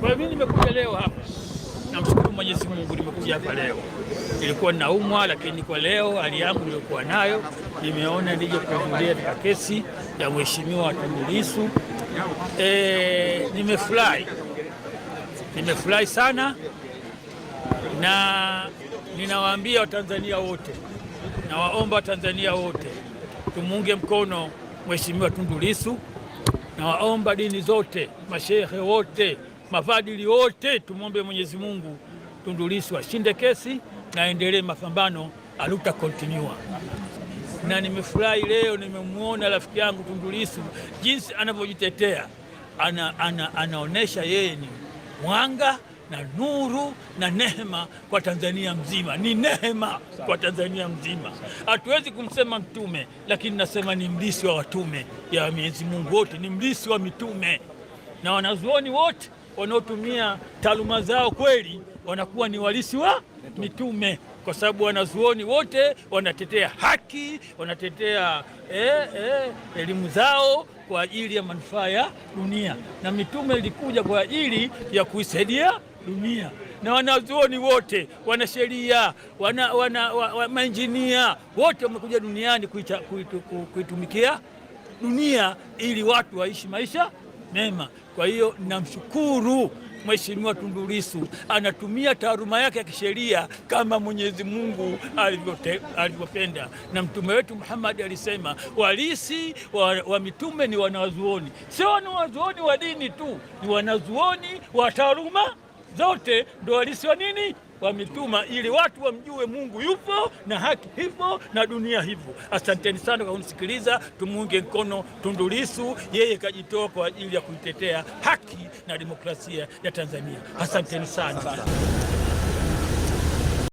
Kwa mimi nimekuja leo hapa, namshukuru Mwenyezi Mungu, nimekuja hapa leo. ilikuwa ninaumwa lakini kwa leo hali yangu niliyokuwa nayo nimeona nije kuhudhuria katika kesi ya mheshimiwa Tundu Lissu. E, nimefurahi, nimefurahi sana, na ninawaambia Watanzania wote, nawaomba Watanzania wote tumuunge mkono Mheshimiwa Tundu Lissu. Nawaomba dini zote, mashehe wote, mafadili wote, tumwombe Mwenyezi Mungu Tundu Lissu ashinde kesi na aendelee mapambano aluta kontinua. Na nimefurahi leo nimemwona rafiki yangu Tundu Lissu jinsi anavyojitetea ana, ana, yeye ni mwanga na nuru na nehema kwa Tanzania mzima. Ni nehema kwa Tanzania mzima. Hatuwezi kumsema mtume, lakini nasema ni mlisi wa watume ya Mwenyezi Mungu wote, ni mlisi wa mitume, na wanazuoni wote wanaotumia taaluma zao kweli wanakuwa ni walisi wa mitume, kwa sababu wanazuoni wote wanatetea haki, wanatetea eh, eh, elimu zao kwa ajili ya manufaa ya dunia, na mitume ilikuja kwa ajili ya kuisaidia dunia, na wanazuoni wote, wanasheria, wana, wana, wana, mainjinia wote wamekuja duniani kuitumikia dunia ili watu waishi maisha mema. Kwa hiyo namshukuru Mheshimiwa Tundu Lissu anatumia taaluma yake ya kisheria kama Mwenyezi Mungu alivyopenda, na mtume wetu Muhammad alisema walisi wa, wa mitume ni wanazuoni, sio wanazuoni wa dini tu, ni wanazuoni wa taaluma zote ndo walisiwa nini wamituma ili watu wamjue Mungu yupo na haki hivyo na dunia hivyo. Asanteni sana kwa kunisikiliza. Tumuunge mkono Tundu Lissu, yeye kajitoa kwa ajili ya kuitetea haki na demokrasia ya Tanzania. Asanteni sana.